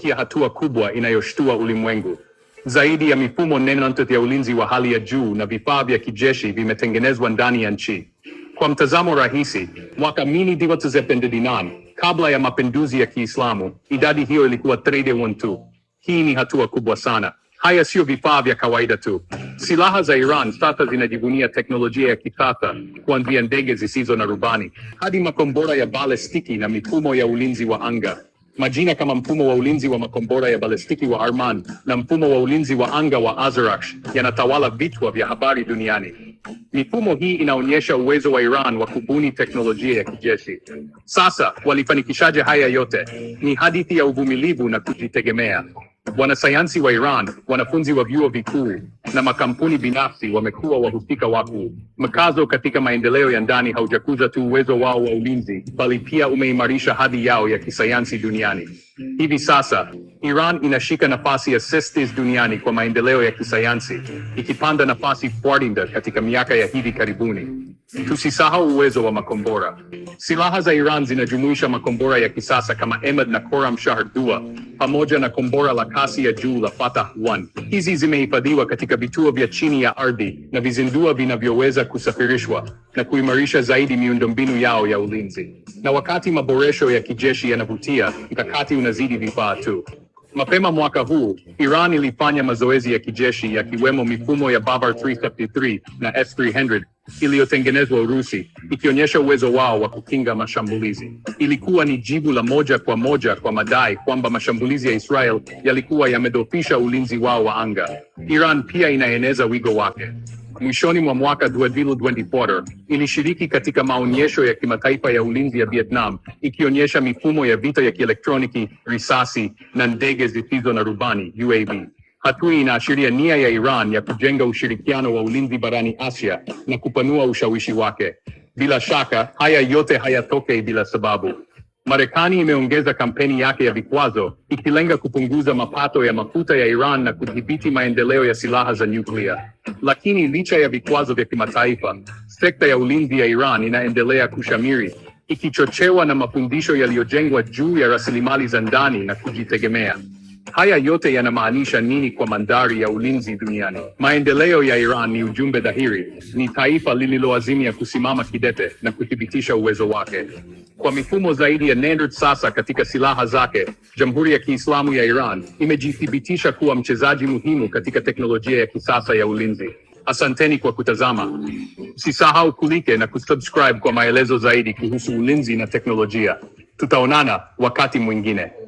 kufikia hatua kubwa inayoshtua ulimwengu. Zaidi ya mifumo nene ya ulinzi wa hali ya juu na vifaa vya kijeshi vimetengenezwa ndani ya nchi. Kwa mtazamo rahisi, mwaka 1979 kabla ya mapinduzi ya Kiislamu, idadi hiyo ilikuwa 31 tu. Hii ni hatua kubwa sana. Haya siyo vifaa vya kawaida tu. Silaha za Iran sasa zinajivunia teknolojia ya kisasa, kuanzia ndege zisizo na rubani hadi makombora ya balestiki na mifumo ya ulinzi wa anga majina kama mfumo wa ulinzi wa makombora ya balistiki wa Arman na mfumo wa ulinzi wa anga wa Azarakhsh yanatawala vichwa vya habari duniani. Mifumo hii inaonyesha uwezo wa Iran wa kubuni teknolojia ya kijeshi. Sasa walifanikishaje haya yote? Ni hadithi ya uvumilivu na kujitegemea. Wanasayansi wa Iran, wanafunzi wa vyuo vikuu na makampuni binafsi wamekuwa wahusika wakuu. Mkazo katika maendeleo ya ndani haujakuza tu uwezo wao wa ulinzi, bali pia umeimarisha hadhi yao ya kisayansi duniani. Hivi sasa Iran inashika nafasi ya sestis duniani kwa maendeleo ya kisayansi, ikipanda nafasi 40 katika miaka ya hivi karibuni. Tusisahau uwezo wa makombora. Silaha za Iran zinajumuisha makombora ya kisasa kama Emad na shahr dua pamoja na kombora la kasi ya juu la Fatah 1. Hizi zimehifadhiwa katika vituo vya chini ya ardhi na vizindua vinavyoweza kusafirishwa na kuimarisha zaidi miundombinu yao ya ulinzi. Na wakati maboresho ya kijeshi yanavutia, mkakati una inazidi vifaa tu. Mapema mwaka huu Iran ilifanya mazoezi ya kijeshi yakiwemo mifumo ya Bavar 373 na S300 iliyotengenezwa Urusi, ikionyesha uwezo wao wa kukinga mashambulizi. Ilikuwa ni jibu la moja kwa moja kwa madai kwamba mashambulizi ya Israel yalikuwa yamedhoofisha ulinzi wao wa anga. Iran pia inaeneza wigo wake mwishoni mwa mwaka 2024 ilishiriki katika maonyesho ya kimataifa ya ulinzi ya Vietnam ikionyesha mifumo ya vita ya kielektroniki, risasi na ndege zisizo na rubani UAV. Hatua inaashiria nia ya Iran ya kujenga ushirikiano wa ulinzi barani Asia na kupanua ushawishi wake. Bila shaka, haya yote hayatokei bila sababu. Marekani imeongeza kampeni yake ya vikwazo ikilenga kupunguza mapato ya mafuta ya Iran na kudhibiti maendeleo ya silaha za nyuklia. Lakini licha ya vikwazo vya kimataifa, sekta ya ulinzi ya Iran inaendelea kushamiri, ikichochewa na mafundisho yaliyojengwa juu ya rasilimali za ndani na kujitegemea. Haya yote yanamaanisha nini kwa mandhari ya ulinzi duniani? Maendeleo ya Iran ni ujumbe dhahiri, ni taifa lililoazimia kusimama kidete na kuthibitisha uwezo wake. Kwa mifumo zaidi ya nendert sasa katika silaha zake, Jamhuri ya Kiislamu ya Iran imejithibitisha kuwa mchezaji muhimu katika teknolojia ya kisasa ya ulinzi. Asanteni kwa kutazama. Usisahau kulike na kusubscribe kwa maelezo zaidi kuhusu ulinzi na teknolojia. Tutaonana wakati mwingine.